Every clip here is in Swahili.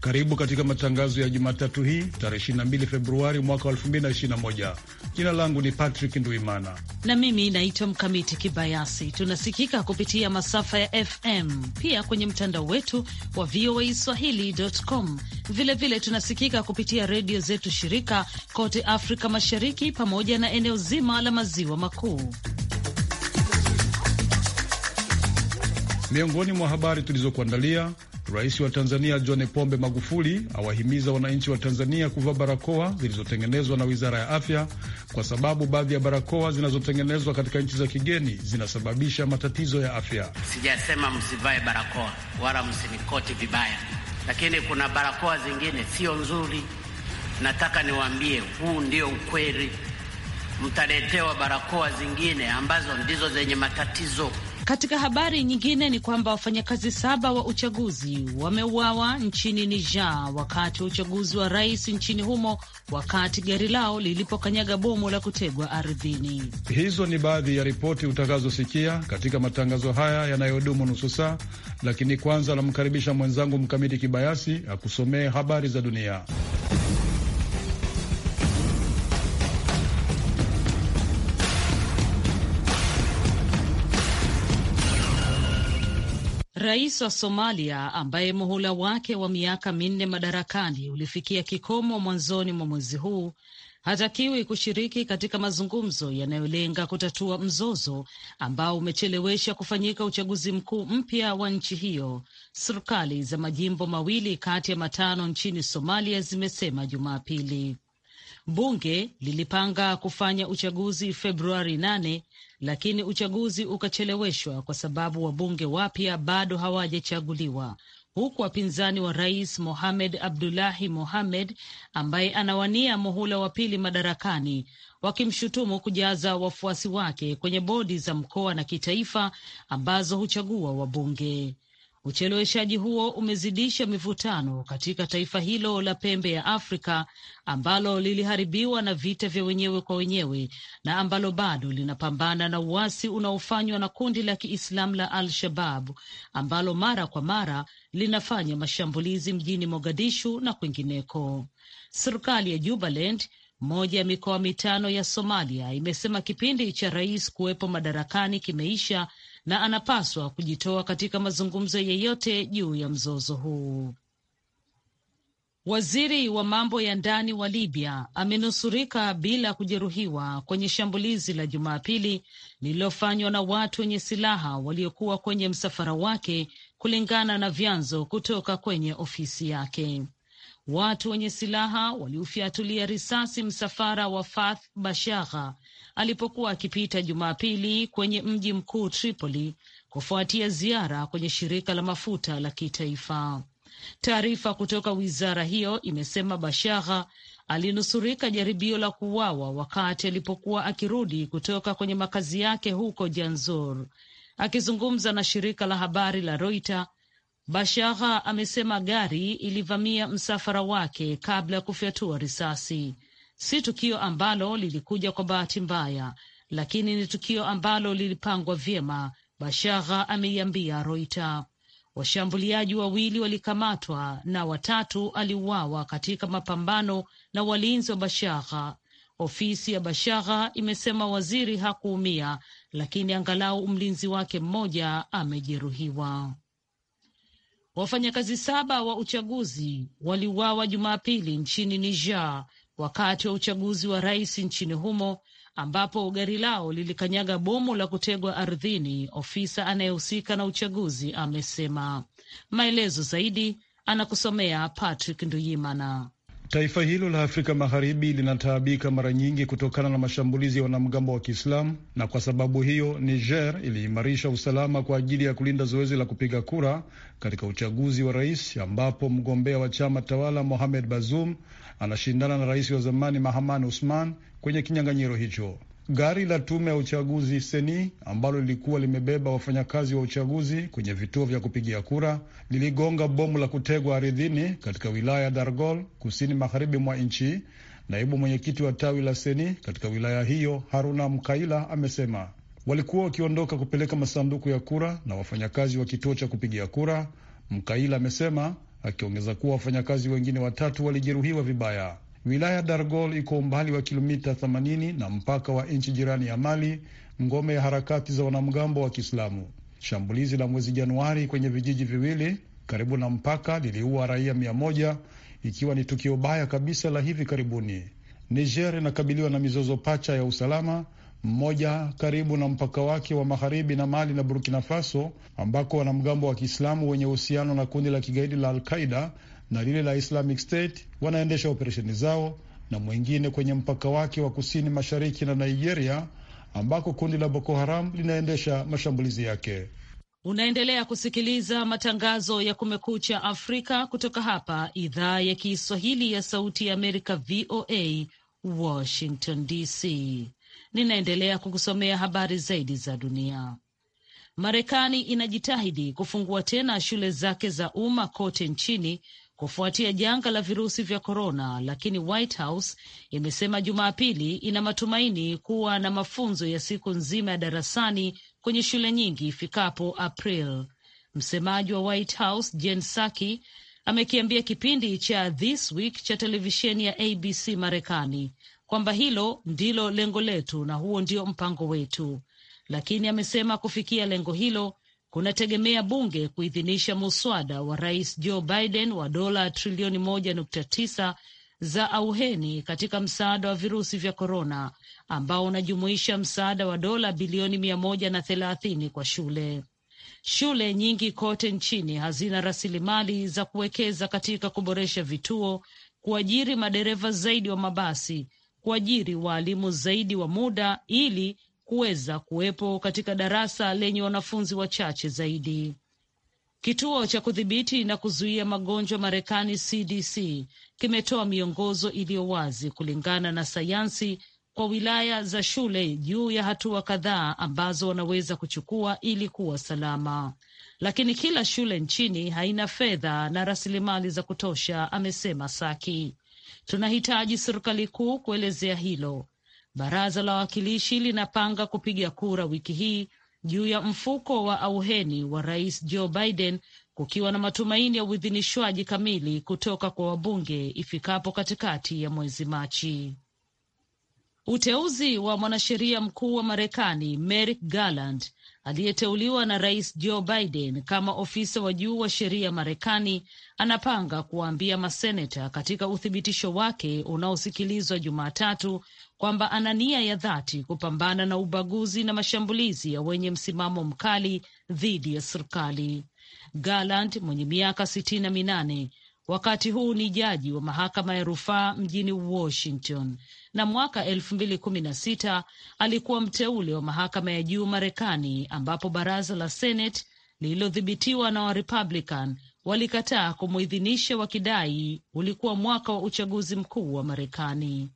Karibu katika matangazo ya Jumatatu hii tarehe 22 Februari mwaka 2021. Jina langu ni Patrick Nduimana na mimi naitwa Mkamiti Kibayasi. Tunasikika kupitia masafa ya FM pia kwenye mtandao wetu wa VOA Swahili.com. Vilevile tunasikika kupitia redio zetu shirika kote Afrika Mashariki pamoja na eneo zima la Maziwa Makuu. Miongoni mwa habari tulizokuandalia Rais wa Tanzania John Pombe Magufuli awahimiza wananchi wa Tanzania kuvaa barakoa zilizotengenezwa na Wizara ya Afya kwa sababu baadhi ya barakoa zinazotengenezwa katika nchi za kigeni zinasababisha matatizo ya afya. Sijasema msivae barakoa wala msinikoti vibaya, lakini kuna barakoa zingine sio nzuri. Nataka niwaambie, huu ndio ukweli. Mtaletewa barakoa zingine ambazo ndizo zenye matatizo katika habari nyingine ni kwamba wafanyakazi saba wa uchaguzi wameuawa nchini Niger wakati wa uchaguzi wa rais nchini humo, wakati gari lao lilipokanyaga bomu la kutegwa ardhini. Hizo ni baadhi ya ripoti utakazosikia katika matangazo haya yanayodumu nusu saa, lakini kwanza anamkaribisha mwenzangu Mkamiti Kibayasi akusomee habari za dunia. Rais wa Somalia ambaye muhula wake wa miaka minne madarakani ulifikia kikomo mwanzoni mwa mwezi huu hatakiwi kushiriki katika mazungumzo yanayolenga kutatua mzozo ambao umechelewesha kufanyika uchaguzi mkuu mpya wa nchi hiyo. Serikali za majimbo mawili kati ya matano nchini Somalia zimesema Jumapili Bunge lilipanga kufanya uchaguzi Februari 8 lakini uchaguzi ukacheleweshwa kwa sababu wabunge wapya bado hawajachaguliwa huku wapinzani wa rais Mohamed Abdullahi Mohamed ambaye anawania muhula wa pili madarakani wakimshutumu kujaza wafuasi wake kwenye bodi za mkoa na kitaifa ambazo huchagua wabunge. Ucheleweshaji huo umezidisha mivutano katika taifa hilo la pembe ya Afrika ambalo liliharibiwa na vita vya wenyewe kwa wenyewe na ambalo bado linapambana na uasi unaofanywa na kundi la Kiislamu la Al-Shabab ambalo mara kwa mara linafanya mashambulizi mjini Mogadishu na kwingineko. Serikali ya Jubaland, moja ya mikoa mitano ya Somalia, imesema kipindi cha rais kuwepo madarakani kimeisha na anapaswa kujitoa katika mazungumzo yeyote juu ya mzozo huu. Waziri wa mambo ya ndani wa Libya amenusurika bila kujeruhiwa kwenye shambulizi la Jumapili lililofanywa na watu wenye silaha waliokuwa kwenye msafara wake, kulingana na vyanzo kutoka kwenye ofisi yake. Watu wenye silaha waliufyatulia risasi msafara wa Fath Bashagha alipokuwa akipita Jumapili kwenye mji mkuu Tripoli kufuatia ziara kwenye shirika la mafuta la kitaifa. Taarifa kutoka wizara hiyo imesema Bashagha alinusurika jaribio la kuuawa wakati alipokuwa akirudi kutoka kwenye makazi yake huko Janzur. Akizungumza na shirika la habari la Reuters, Bashagha amesema gari ilivamia msafara wake kabla ya kufyatua risasi. Si tukio ambalo lilikuja kwa bahati mbaya, lakini ni tukio ambalo lilipangwa vyema, Bashagha ameiambia Roita. Washambuliaji wawili walikamatwa na watatu aliuawa katika mapambano na walinzi wa Bashagha. Ofisi ya Bashagha imesema waziri hakuumia, lakini angalau mlinzi wake mmoja amejeruhiwa. Wafanyakazi saba wa uchaguzi waliuawa Jumapili nchini Niger wakati wa uchaguzi wa rais nchini humo ambapo gari lao lilikanyaga bomu la kutegwa ardhini, ofisa anayehusika na uchaguzi amesema. Maelezo zaidi anakusomea Patrick Nduyimana. Taifa hilo la Afrika Magharibi linataabika mara nyingi kutokana na mashambulizi ya wanamgambo wa Kiislamu, na kwa sababu hiyo Niger iliimarisha usalama kwa ajili ya kulinda zoezi la kupiga kura katika uchaguzi wa rais, ambapo mgombea wa chama tawala Mohamed Bazoum anashindana na rais wa zamani Mahaman Usman kwenye kinyang'anyiro hicho. Gari la tume ya uchaguzi seni ambalo lilikuwa limebeba wafanyakazi wa uchaguzi kwenye vituo vya kupigia kura liligonga bomu la kutegwa ardhini katika wilaya ya Dargol kusini magharibi mwa nchi. Naibu mwenyekiti wa tawi la seni katika wilaya hiyo Haruna Mkaila amesema walikuwa wakiondoka kupeleka masanduku ya kura na wafanyakazi wa kituo cha kupigia kura. Mkaila amesema akiongeza kuwa wafanyakazi wengine watatu walijeruhiwa vibaya. Wilaya Dargol iko umbali wa kilomita 80 na mpaka wa nchi jirani ya Mali, ngome ya harakati za wanamgambo wa Kiislamu. Shambulizi la mwezi Januari kwenye vijiji viwili karibu na mpaka liliua raia mia moja ikiwa ni tukio baya kabisa la hivi karibuni. Niger inakabiliwa na mizozo pacha ya usalama, mmoja karibu na mpaka wake wa magharibi na Mali na Burkina Faso, ambako wanamgambo wa Kiislamu wenye uhusiano na kundi la kigaidi la Alqaida na lile la Islamic State wanaendesha operesheni zao na mwingine kwenye mpaka wake wa kusini mashariki na Nigeria ambako kundi la Boko Haram linaendesha mashambulizi yake. Unaendelea kusikiliza matangazo ya Kumekucha Afrika kutoka hapa idhaa ya Kiswahili ya Sauti ya Amerika, VOA Washington DC. Ninaendelea kukusomea habari zaidi za dunia. Marekani inajitahidi kufungua tena shule zake za umma kote nchini kufuatia janga la virusi vya korona, lakini White House imesema Jumapili ina matumaini kuwa na mafunzo ya siku nzima ya darasani kwenye shule nyingi ifikapo April. Msemaji wa White House Jen Psaki amekiambia kipindi cha This Week cha televisheni ya ABC Marekani kwamba hilo ndilo lengo letu na huo ndio mpango wetu, lakini amesema kufikia lengo hilo kunategemea bunge kuidhinisha muswada wa rais Joe Biden wa dola trilioni moja nukta tisa za auheni katika msaada wa virusi vya korona ambao unajumuisha msaada wa dola bilioni mia moja na thelathini kwa shule. Shule nyingi kote nchini hazina rasilimali za kuwekeza katika kuboresha vituo, kuajiri madereva zaidi wa mabasi, kuajiri waalimu zaidi wa muda ili kuweza kuwepo katika darasa lenye wanafunzi wachache zaidi. Kituo cha kudhibiti na kuzuia magonjwa Marekani, CDC, kimetoa miongozo iliyo wazi kulingana na sayansi kwa wilaya za shule juu ya hatua kadhaa ambazo wanaweza kuchukua ili kuwa salama, lakini kila shule nchini haina fedha na rasilimali za kutosha, amesema Saki. Tunahitaji serikali kuu kuelezea hilo Baraza la Wawakilishi linapanga kupiga kura wiki hii juu ya mfuko wa auheni wa rais Joe Biden, kukiwa na matumaini ya uidhinishwaji kamili kutoka kwa wabunge ifikapo katikati ya mwezi Machi. Uteuzi wa mwanasheria mkuu wa Marekani Merrick Garland aliyeteuliwa na rais Joe Biden kama ofisa wa juu wa sheria Marekani anapanga kuwaambia maseneta katika uthibitisho wake unaosikilizwa Jumatatu kwamba ana nia ya dhati kupambana na ubaguzi na mashambulizi ya wenye msimamo mkali dhidi ya serikali. Garland mwenye miaka sitini na minane wakati huu ni jaji wa mahakama ya rufaa mjini Washington, na mwaka elfu mbili kumi na sita alikuwa mteule wa mahakama ya juu Marekani, ambapo baraza la Senate lililodhibitiwa na Warepublican walikataa wa wakidai ulikuwa mwaka wa uchaguzi mkuu wa Marekani.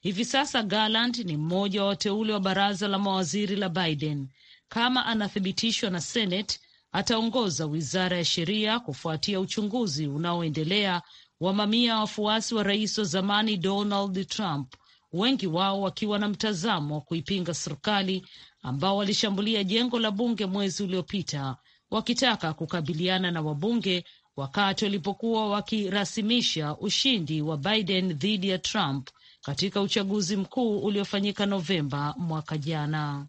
Hivi sasa Garland ni mmoja wa wateule wa baraza la mawaziri la Biden. Kama anathibitishwa na Senate, ataongoza wizara ya sheria kufuatia uchunguzi unaoendelea wa mamia ya wafuasi wa rais wa zamani Donald Trump, wengi wao wakiwa na mtazamo wa kuipinga serikali, ambao walishambulia jengo la bunge mwezi uliopita wakitaka kukabiliana na wabunge wakati walipokuwa wakirasimisha ushindi wa Biden dhidi ya Trump katika uchaguzi mkuu uliofanyika Novemba mwaka jana.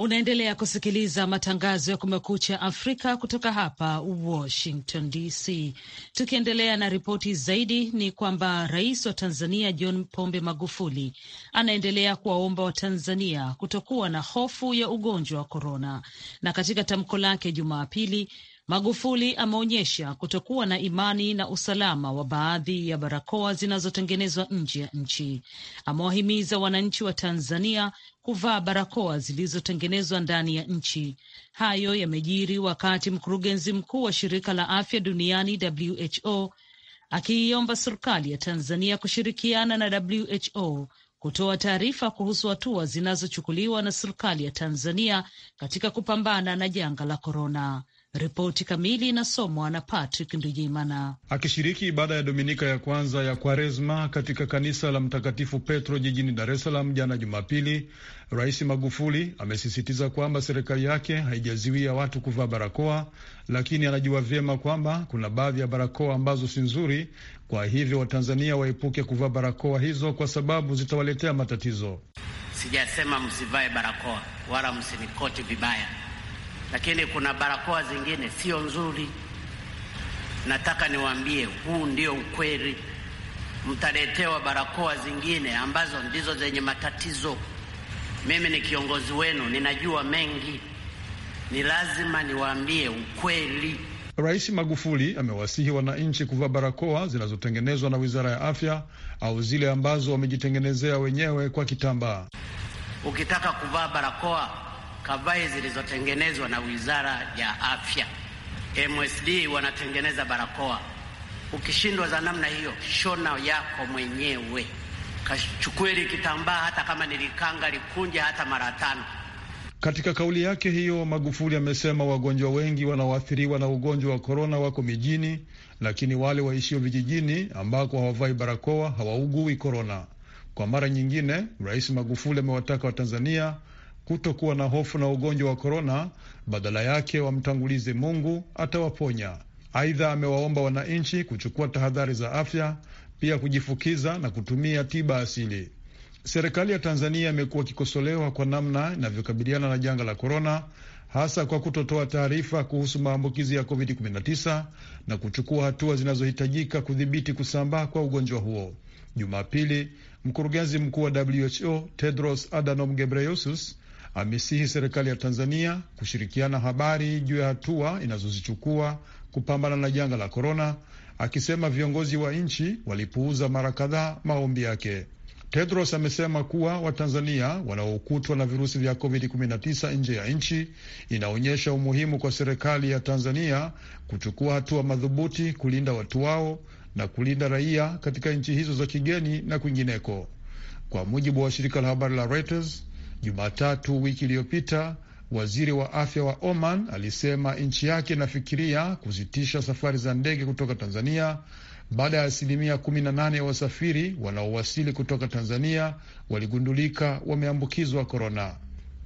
Unaendelea kusikiliza matangazo ya Kumekucha Afrika kutoka hapa Washington DC. Tukiendelea na ripoti zaidi, ni kwamba rais wa Tanzania John Pombe Magufuli anaendelea kuwaomba Watanzania kutokuwa na hofu ya ugonjwa wa korona, na katika tamko lake Jumapili Magufuli ameonyesha kutokuwa na imani na usalama wa baadhi ya barakoa zinazotengenezwa nje ya nchi. Amewahimiza wananchi wa Tanzania kuvaa barakoa zilizotengenezwa ndani ya nchi. Hayo yamejiri wakati mkurugenzi mkuu wa shirika la afya duniani WHO akiiomba serikali ya Tanzania kushirikiana na WHO kutoa taarifa kuhusu hatua zinazochukuliwa na serikali ya Tanzania katika kupambana na janga la korona. Ripoti kamili inasomwa na Patrick Ndujimana. Akishiriki ibada ya Dominika ya kwanza ya Kwaresma katika kanisa la Mtakatifu Petro jijini Dar es Salaam jana Jumapili, Rais Magufuli amesisitiza kwamba serikali yake haijaziwia watu kuvaa barakoa, lakini anajua vyema kwamba kuna baadhi ya barakoa ambazo si nzuri. Kwa hivyo Watanzania waepuke kuvaa barakoa hizo kwa sababu zitawaletea matatizo. Sijasema msivae barakoa wala msinikoti vibaya lakini kuna barakoa zingine sio nzuri. Nataka niwaambie huu ndio ukweli. Mtaletewa barakoa zingine ambazo ndizo zenye matatizo. Mimi ni kiongozi wenu, ninajua mengi, ni lazima niwaambie ukweli. Rais Magufuli amewasihi wananchi kuvaa barakoa zinazotengenezwa na Wizara ya Afya au zile ambazo wamejitengenezea wenyewe kwa kitambaa. Ukitaka kuvaa barakoa kavai zilizotengenezwa na Wizara ya Afya. MSD wanatengeneza barakoa. Ukishindwa za namna hiyo, shona yako mwenyewe, kachukue kitambaa, hata kama nilikanga likunje hata mara tano. Katika kauli yake hiyo, Magufuli amesema wagonjwa wengi wanaoathiriwa na ugonjwa wa korona wako mijini, lakini wale waishio vijijini ambako hawavai barakoa hawaugui korona. Kwa mara nyingine, Rais Magufuli amewataka Watanzania kutokuwa na hofu na ugonjwa wa korona, badala yake wamtangulize Mungu, atawaponya. Aidha, amewaomba wananchi kuchukua tahadhari za afya, pia kujifukiza na kutumia tiba asili. Serikali ya Tanzania imekuwa ikikosolewa kwa namna inavyokabiliana na janga la korona, hasa kwa kutotoa taarifa kuhusu maambukizi ya COVID-19 na kuchukua hatua zinazohitajika kudhibiti kusambaa kwa ugonjwa huo. Jumapili, mkurugenzi mkuu wa WHO Tedros Adhanom Ghebreyesus amesihi serikali ya Tanzania kushirikiana habari juu ya hatua inazozichukua kupambana na janga la korona, akisema viongozi wa nchi walipuuza mara kadhaa maombi yake. Tedros amesema kuwa Watanzania wanaokutwa na virusi vya COVID-19 nje ya nchi inaonyesha umuhimu kwa serikali ya Tanzania kuchukua hatua madhubuti kulinda watu wao na kulinda raia katika nchi hizo za kigeni na kwingineko. Kwa mujibu wa shirika la habari la Reuters, Jumatatu wiki iliyopita, waziri wa afya wa Oman alisema nchi yake inafikiria kusitisha safari za ndege kutoka Tanzania baada ya asilimia 18 ya wasafiri wanaowasili kutoka Tanzania waligundulika wameambukizwa korona.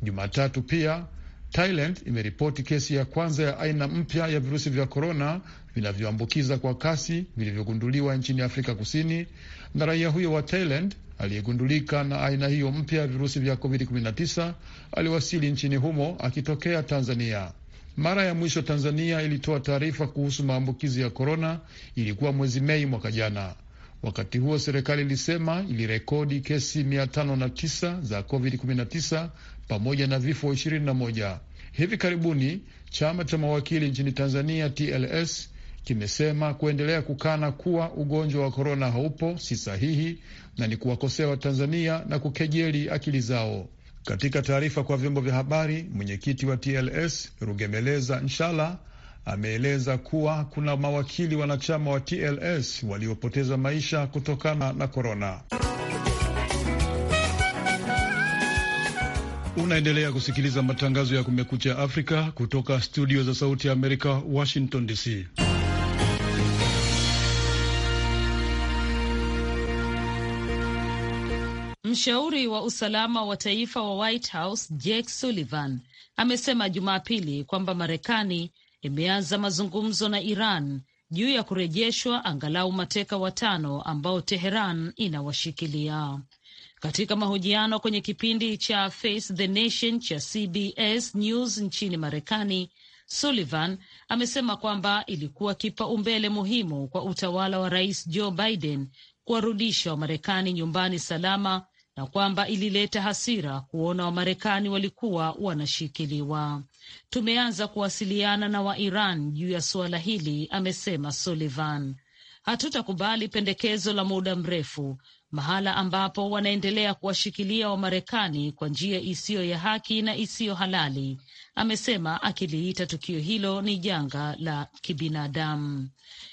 Jumatatu pia Thailand imeripoti kesi ya kwanza ya aina mpya ya virusi vya korona vinavyoambukiza kwa kasi vilivyogunduliwa nchini Afrika Kusini, na raia huyo wa Thailand aliyegundulika na aina hiyo mpya ya virusi vya COVID-19 aliwasili nchini humo akitokea Tanzania. Mara ya mwisho Tanzania ilitoa taarifa kuhusu maambukizi ya korona ilikuwa mwezi Mei mwaka jana. Wakati huo serikali ilisema ilirekodi kesi 509 za COVID-19 pamoja na vifo 21. Hivi karibuni chama cha mawakili nchini Tanzania TLS kimesema kuendelea kukana kuwa ugonjwa wa korona haupo si sahihi na ni kuwakosea Watanzania na kukejeli akili zao. Katika taarifa kwa vyombo vya habari, mwenyekiti wa TLS Rugemeleza Nshala ameeleza kuwa kuna mawakili wanachama wa TLS waliopoteza maisha kutokana na korona. Unaendelea kusikiliza matangazo ya Kumekucha Afrika kutoka studio za Sauti ya Amerika, Washington DC. Mshauri wa usalama wa taifa wa White House Jake Sullivan amesema Jumapili kwamba Marekani imeanza mazungumzo na Iran juu ya kurejeshwa angalau mateka watano ambao Teheran inawashikilia. Katika mahojiano kwenye kipindi cha Face the Nation cha CBS News nchini Marekani, Sullivan amesema kwamba ilikuwa kipaumbele muhimu kwa utawala wa Rais Joe Biden kuwarudisha Wamarekani nyumbani salama na kwamba ilileta hasira kuona Wamarekani walikuwa wanashikiliwa. Tumeanza kuwasiliana na Wairan juu ya suala hili, amesema Sullivan. Hatutakubali pendekezo la muda mrefu mahala ambapo wanaendelea kuwashikilia Wamarekani kwa njia isiyo ya haki na isiyo halali. Amesema akiliita tukio hilo ni janga la kibinadamu.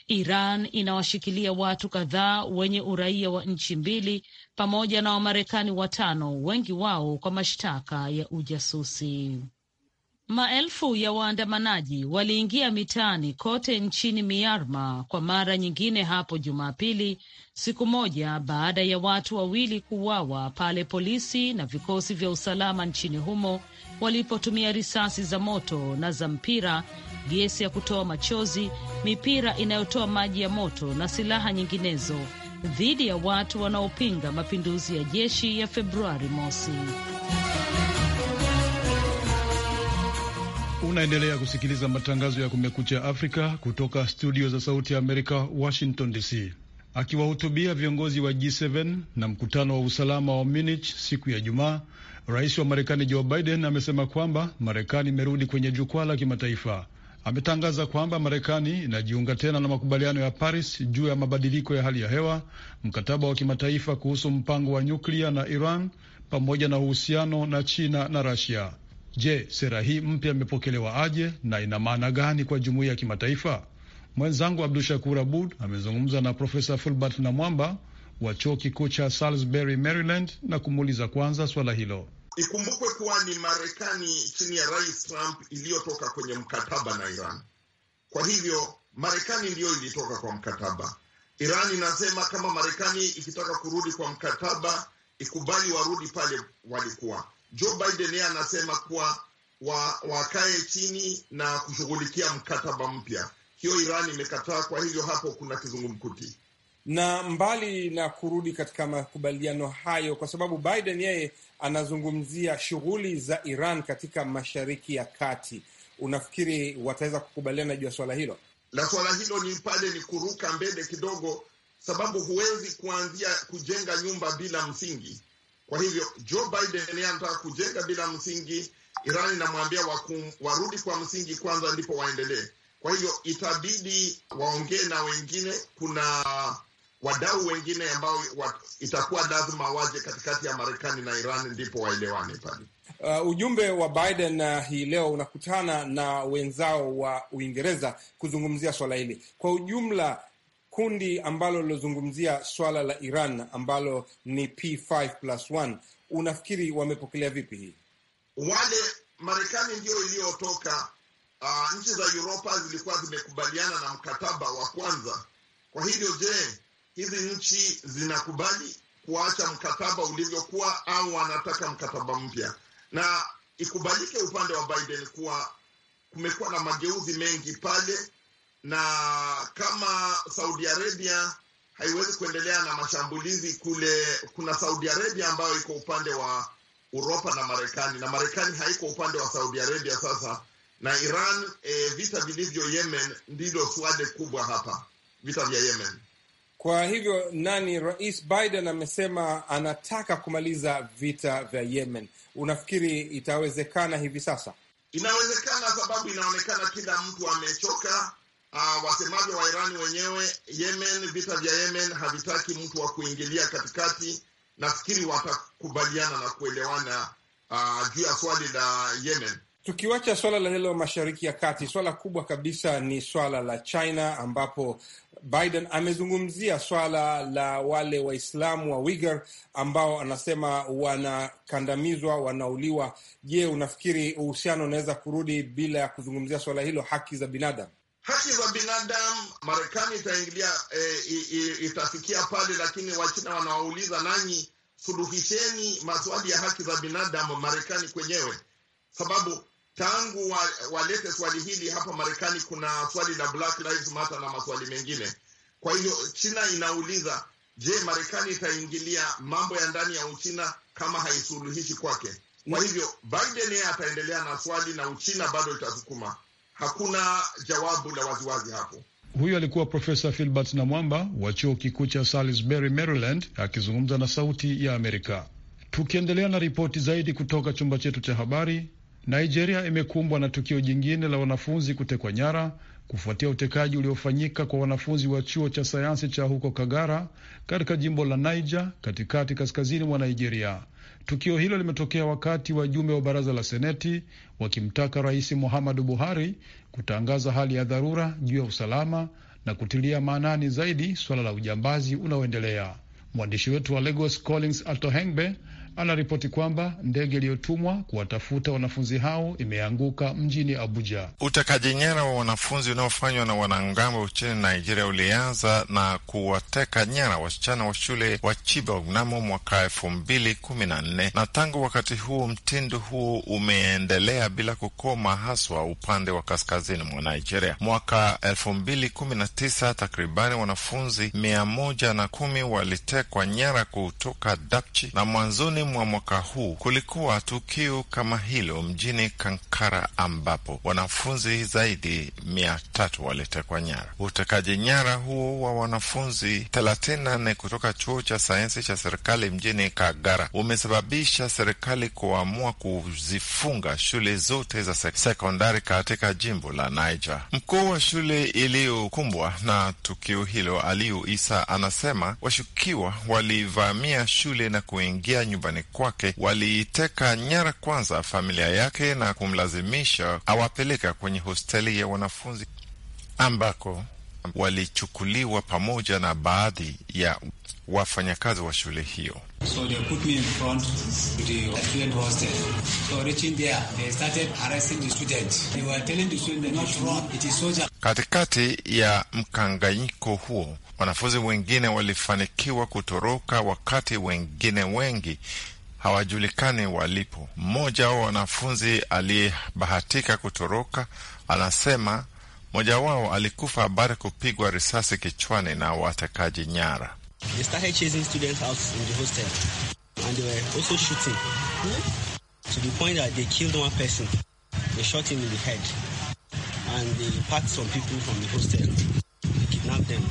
Iran inawashikilia watu kadhaa wenye uraia wa nchi mbili pamoja na Wamarekani watano, wengi wao kwa mashtaka ya ujasusi. Maelfu ya waandamanaji waliingia mitaani kote nchini Myanmar kwa mara nyingine hapo Jumapili, siku moja baada ya watu wawili kuuawa pale polisi na vikosi vya usalama nchini humo walipotumia risasi za moto na za mpira, gesi ya kutoa machozi, mipira inayotoa maji ya moto na silaha nyinginezo dhidi ya watu wanaopinga mapinduzi ya jeshi ya Februari mosi. Unaendelea kusikiliza matangazo ya Kumekucha Afrika kutoka studio za Sauti ya Amerika, Washington DC. Akiwahutubia viongozi wa G7 na mkutano wa usalama wa Munich siku ya Jumaa, rais wa Marekani Joe Biden amesema kwamba Marekani imerudi kwenye jukwaa la kimataifa. Ametangaza kwamba Marekani inajiunga tena na makubaliano ya Paris juu ya mabadiliko ya hali ya hewa, mkataba wa kimataifa kuhusu mpango wa nyuklia na Iran, pamoja na uhusiano na China na Rasia. Je, sera hii mpya imepokelewa aje na ina maana gani kwa jumuiya ya kimataifa? Mwenzangu Abdu Shakur Abud amezungumza na Profesa Fulbert Namwamba wa chuo kikuu cha Salisbury, Maryland, na kumuuliza kwanza swala hilo. Ikumbukwe kuwa ni Marekani chini ya Rais Trump iliyotoka kwenye mkataba na Iran. Kwa hivyo Marekani ndiyo ilitoka kwa mkataba. Iran inasema kama Marekani ikitaka kurudi kwa mkataba, ikubali warudi pale walikuwa. Joe Biden yeye anasema kuwa wa, wakae chini na kushughulikia mkataba mpya. Hiyo Iran imekataa, kwa hivyo hapo kuna kizungumkuti. Na mbali na kurudi katika makubaliano hayo, kwa sababu Biden yeye anazungumzia shughuli za Iran katika Mashariki ya Kati, unafikiri wataweza kukubaliana juu ya swala hilo? La, swala hilo ni pale ni kuruka mbele kidogo, sababu huwezi kuanzia kujenga nyumba bila msingi kwa hivyo Joe Biden yeye anataka kujenga bila msingi. Iran inamwambia warudi kwa msingi kwanza, ndipo waendelee. Kwa hivyo itabidi waongee na wengine. Kuna wadau wengine ambao itakuwa lazima waje katikati ya Marekani na Iran ndipo waelewane pale. Uh, ujumbe wa Biden uh, hii leo unakutana na wenzao wa Uingereza kuzungumzia swala hili. Kwa ujumla kundi ambalo lilozungumzia swala la Iran ambalo ni P5+1 unafikiri wamepokelea vipi hii? Wale Marekani ndio iliyotoka. Uh, nchi za Uropa zilikuwa zimekubaliana na mkataba wa kwanza. Kwa hivyo, je, hizi nchi zinakubali kuacha mkataba ulivyokuwa au wanataka mkataba mpya? Na ikubalike upande wa Biden kuwa kumekuwa na mageuzi mengi pale na kama Saudi Arabia haiwezi kuendelea na mashambulizi kule. Kuna Saudi Arabia ambayo iko upande wa Uropa na Marekani, na Marekani haiko upande wa Saudi Arabia sasa na Iran. E, vita vilivyo Yemen ndilo swade kubwa hapa, vita vya Yemen. Kwa hivyo nani, Rais Biden amesema anataka kumaliza vita vya Yemen. Unafikiri itawezekana hivi sasa? Inawezekana, sababu inaonekana kila mtu amechoka uh, ah, wasemaji wa Irani wenyewe, Yemen, vita vya Yemen havitaki mtu wa kuingilia katikati. Nafikiri watakubaliana na kuelewana uh, juu ya swali la Yemen. Tukiwacha swala la hilo mashariki ya kati, swala kubwa kabisa ni swala la China, ambapo Biden amezungumzia swala la wale Waislamu wa Uyghur ambao anasema wanakandamizwa, wanauliwa. Je, unafikiri uhusiano unaweza kurudi bila ya kuzungumzia swala hilo, haki za binadamu? haki za binadamu, Marekani itaingilia e, itafikia pale, lakini Wachina wanawauliza nanyi suluhisheni maswali ya haki za binadamu Marekani kwenyewe, sababu tangu walete swali hili hapa Marekani kuna swali la Black Lives Matter na maswali mengine. Kwa hivyo China inauliza, je, Marekani itaingilia mambo ya ndani ya Uchina kama haisuluhishi kwake? Kwa hivyo Biden yeye ataendelea na swali na Uchina bado itasukuma Hakuna jawabu la waziwazi hapo. Huyu alikuwa Profesa Filbert Namwamba wa chuo kikuu cha Salisbury, Maryland, akizungumza na Sauti ya Amerika. Tukiendelea na ripoti zaidi kutoka chumba chetu cha habari, Nigeria imekumbwa na tukio jingine la wanafunzi kutekwa nyara kufuatia utekaji uliofanyika kwa wanafunzi wa chuo cha sayansi cha huko Kagara katika jimbo la Niger katikati kaskazini mwa Nigeria. Tukio hilo limetokea wakati wajumbe wa baraza la seneti wakimtaka Rais Muhammadu Buhari kutangaza hali ya dharura juu ya usalama na kutilia maanani zaidi suala la ujambazi unaoendelea. Mwandishi wetu wa Lagos Collins Atohengbe anaripoti kwamba ndege iliyotumwa kuwatafuta wanafunzi hao imeanguka mjini Abuja. Utekaji nyara wa wanafunzi unaofanywa na wanangambo nchini Nigeria ulianza na kuwateka nyara wasichana wa shule wa Chibok mnamo mwaka elfu mbili kumi na nne na tangu wakati huu mtindo huu umeendelea bila kukoma, haswa upande wa kaskazini mwa Nigeria. Mwaka elfu mbili kumi na tisa takribani wanafunzi mia moja na kumi walitekwa nyara kutoka Dapchi na mwanzoni Mwanzoni mwa mwaka huu kulikuwa tukio kama hilo mjini Kankara, ambapo wanafunzi zaidi mia tatu walitekwa nyara. Utekaji nyara huo wa wanafunzi thelathini na nne kutoka chuo cha sayansi cha serikali mjini Kagara umesababisha serikali kuamua kuzifunga shule zote za sekondari katika jimbo la Niger. Mkuu wa shule iliyokumbwa na tukio hilo Aliu Isa anasema washukiwa walivamia shule na kuingia nyumba nyumbani kwake waliiteka nyara kwanza familia yake na kumlazimisha awapeleka kwenye hosteli ya wanafunzi ambako walichukuliwa pamoja na baadhi ya wafanyakazi wa shule hiyo. So they put me in front the student hostel. So reaching there, they started harassing the They were telling the not it is soldier. Katikati ya mkanganyiko huo, wanafunzi wengine walifanikiwa kutoroka, wakati wengine wengi hawajulikani walipo. Mmoja wa wanafunzi aliyebahatika kutoroka anasema mmoja wao alikufa baada ya kupigwa risasi kichwani na watekaji nyara. They started chasing students out in the hostel and they were also shooting. Mm-hmm. To the point that they killed one person. They shot him in the head. And they packed some people from the hostel. They kidnapped them.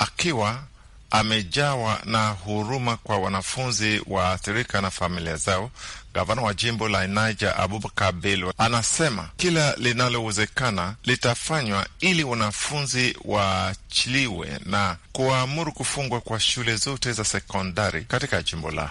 Akewa amejawa na huruma kwa wanafunzi waathirika na familia zao. Gavana wa jimbo la Niger Abubakar Bello anasema kila linalowezekana litafanywa ili wanafunzi waachiliwe na kuamuru kufungwa kwa shule zote za sekondari katika jimbo la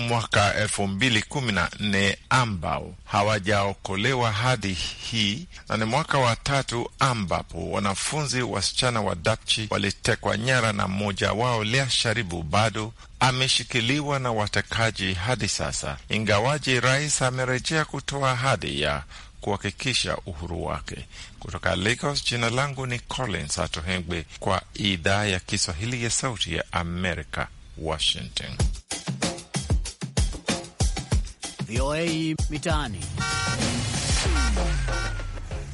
mnamo mwaka elfu mbili kumi na nne ambao hawajaokolewa hadi hii na ni mwaka wa tatu ambapo wanafunzi wasichana wa Dapchi walitekwa nyara na mmoja wao Lea Sharibu bado ameshikiliwa na watekaji hadi sasa, ingawaji rais amerejea kutoa ahadi ya kuhakikisha uhuru wake. Kutoka Lagos, jina langu ni Collins Atohengwe kwa idhaa ya Kiswahili ya Sauti ya Amerika, Washington. VOA Mitaani.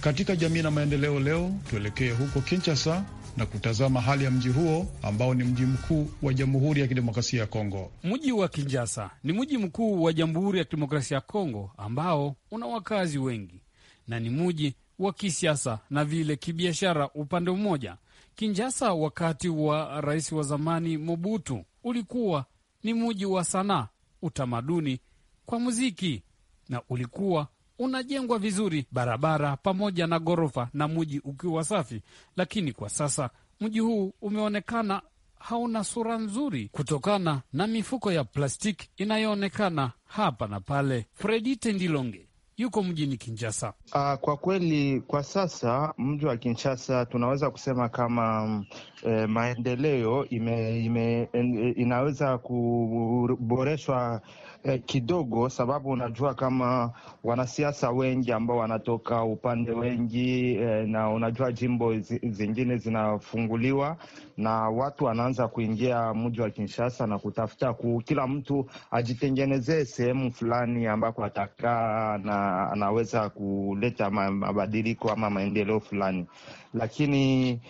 Katika jamii na maendeleo, leo tuelekee huko Kinshasa na kutazama hali ya mji huo ambao ni mji mkuu wa Jamhuri ya Kidemokrasia ya Kongo. Mji wa Kinshasa ni mji mkuu wa Jamhuri ya Kidemokrasia ya Kongo ambao una wakazi wengi na ni mji wa kisiasa na vile kibiashara upande mmoja. Kinshasa wakati wa rais wa zamani Mobutu ulikuwa ni mji wa sanaa, utamaduni kwa muziki na ulikuwa unajengwa vizuri, barabara pamoja na ghorofa na mji ukiwa safi. Lakini kwa sasa mji huu umeonekana hauna sura nzuri kutokana na mifuko ya plastiki inayoonekana hapa na pale. Fredite Ndilonge yuko mjini Kinshasa. Uh, kwa kweli kwa sasa mji wa Kinshasa tunaweza kusema kama eh, maendeleo ime, ime, eh, inaweza kuboreshwa eh, kidogo, sababu unajua kama wanasiasa wengi ambao wanatoka upande wengi eh, na unajua jimbo zingine zinafunguliwa na watu wanaanza kuingia mji wa Kinshasa na kutafuta ku, kila mtu ajitengenezee sehemu fulani ambako atakaa na anaweza kuleta mabadiliko ama maendeleo fulani, lakini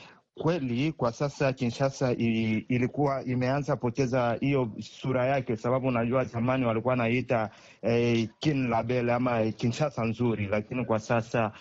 Kweli kwa sasa Kinshasa ilikuwa imeanza poteza hiyo sura yake, sababu unajua zamani walikuwa wanaiita eh, kin label ama Kinshasa nzuri, lakini kwa sasa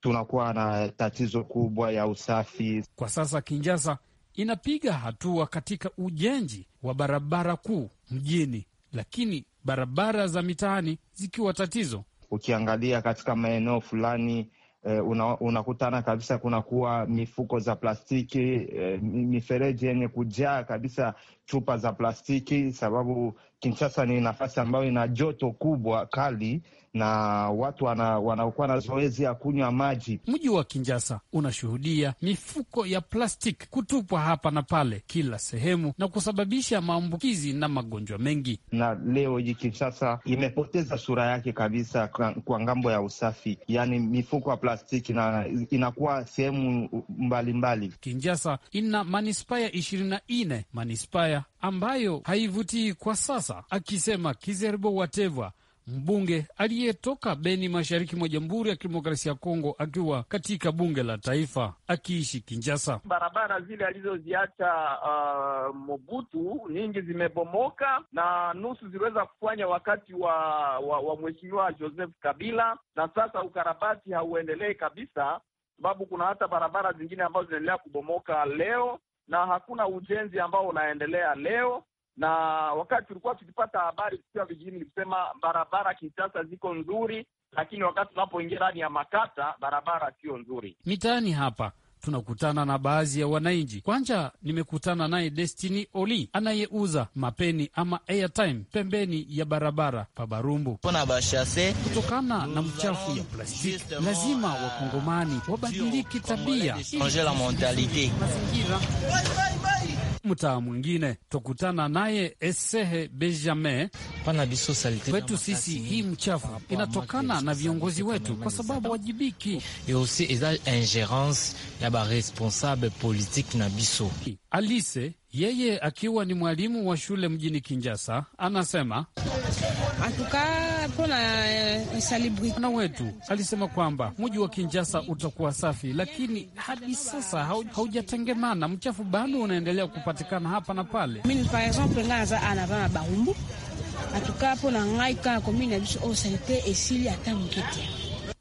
tunakuwa na tatizo kubwa ya usafi. Kwa sasa Kinshasa inapiga hatua katika ujenzi wa barabara kuu mjini, lakini barabara za mitaani zikiwa tatizo. Ukiangalia katika maeneo fulani eh, unakutana una kabisa kunakuwa mifuko za plastiki eh, mifereji yenye kujaa kabisa chupa za plastiki sababu Kinshasa ni nafasi ambayo ina joto kubwa kali na watu wanaokuwa na zoezi ya kunywa maji. Mji wa Kinshasa unashuhudia mifuko ya plastiki kutupwa hapa na pale kila sehemu na kusababisha maambukizi na magonjwa mengi. Na leo hii Kinshasa imepoteza sura yake kabisa kwa, kwa ngambo ya usafi, yaani mifuko ya plastiki na inakuwa sehemu mbalimbali. Kinshasa ina manispaya ishirini na nne manispaya ambayo haivutii kwa sasa, akisema Kizerbo Watevwa, mbunge aliyetoka Beni, mashariki mwa Jamhuri ya Kidemokrasia ya Kongo, akiwa katika bunge la taifa akiishi Kinjasa. Barabara zile alizoziacha uh, Mobutu nyingi zimebomoka na nusu ziliweza kufanya wakati wa wa, wa mheshimiwa Joseph Kabila, na sasa ukarabati hauendelei kabisa, sababu kuna hata barabara zingine ambazo zinaendelea kubomoka leo na hakuna ujenzi ambao unaendelea leo. Na wakati tulikuwa tukipata habari tukiwa vijijini, nilisema barabara Kinshasa ziko nzuri, lakini wakati tunapoingia ndani ya makata barabara sio nzuri mitaani hapa tunakutana na baadhi ya wananchi. Kwanza nimekutana naye Destiny Oli anayeuza mapeni ama airtime pembeni ya barabara Pabarumbu. Kutokana na mchafu ya plastiki, lazima wakongomani wabadiliki tabia mazingira mtaa mwingine. Tukutana naye Esehe Benjamin. Kwetu sisi hii mchafu inatokana na viongozi wetu, kwa sababu wajibiki alise yeye akiwa ni mwalimu wa shule mjini Kinjasa anasema na eh, wetu alisema kwamba mji wa Kinjasa utakuwa safi, lakini hadi sasa haujatengemana, mchafu bado unaendelea kupatikana hapa na pale. Oh,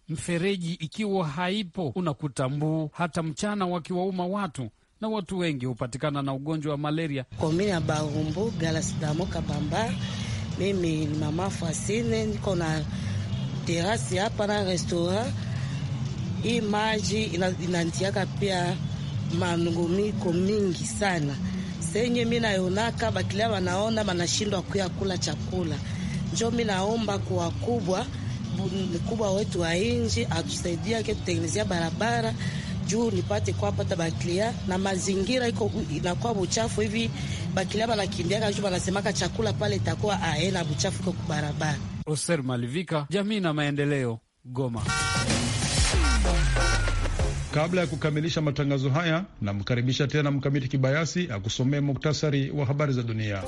Mfereji ikiwa haipo unakutambuu hata mchana wakiwauma watu na watu wengi hupatikana na ugonjwa wa malaria. Komina Barumbu Galasidamo Kabamba. Mimi ni mama Fasine, niko na terasi hapa na restaurant hii. Maji inantiaka pia manungumiko mingi sana senye mi nayonaka bakilia wanaona wanashindwa kuya kula chakula. Njo mi naomba kuwa kubwa kubwa wetu wa inji atusaidia ke barabara juu nipate kuwapata baklia na mazingira iko inakuwa buchafu hivi, baklia banakimbiaka juu banasemaka chakula pale itakuwa aena buchafu iko kubarabara. Oser Malivika, jamii na maendeleo, Goma. Kabla ya kukamilisha matangazo haya, namkaribisha tena Mkamiti Kibayasi akusomee muktasari wa habari za dunia.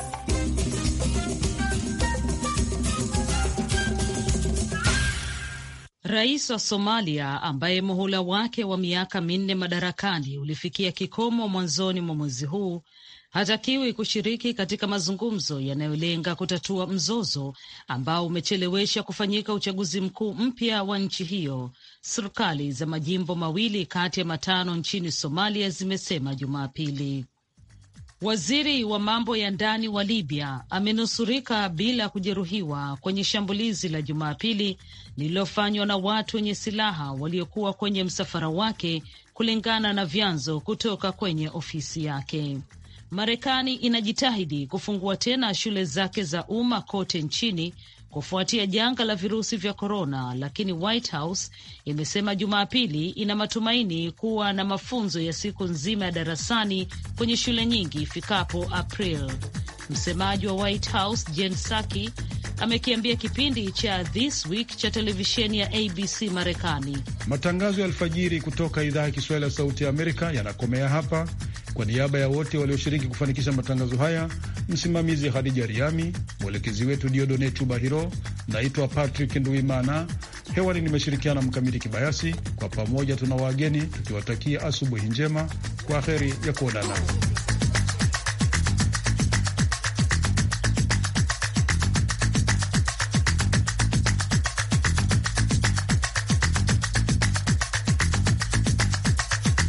Rais wa Somalia ambaye muhula wake wa miaka minne madarakani ulifikia kikomo mwanzoni mwa mwezi huu hatakiwi kushiriki katika mazungumzo yanayolenga kutatua mzozo ambao umechelewesha kufanyika uchaguzi mkuu mpya wa nchi hiyo. Serikali za majimbo mawili kati ya matano nchini Somalia zimesema Jumapili Waziri wa mambo ya ndani wa Libya amenusurika bila kujeruhiwa kwenye shambulizi la Jumapili lililofanywa na watu wenye silaha waliokuwa kwenye msafara wake, kulingana na vyanzo kutoka kwenye ofisi yake. Marekani inajitahidi kufungua tena shule zake za umma kote nchini kufuatia janga la virusi vya korona, lakini White House imesema Jumapili ina matumaini kuwa na mafunzo ya siku nzima ya darasani kwenye shule nyingi ifikapo April. Msemaji wa White House Jen Psaki amekiambia kipindi cha This Week cha televisheni ya ABC Marekani. Matangazo ya alfajiri kutoka idhaa ya Kiswahili ya Sauti ya Amerika yanakomea hapa. Kwa niaba ya wote walioshiriki kufanikisha matangazo haya, msimamizi Hadija Riami, mwelekezi wetu Diodone Chubahiro, naitwa Patrick Nduimana. Hewani nimeshirikiana Mkamiti Kibayasi. Kwa pamoja tuna wageni tukiwatakia asubuhi njema, kwa heri ya kuonana.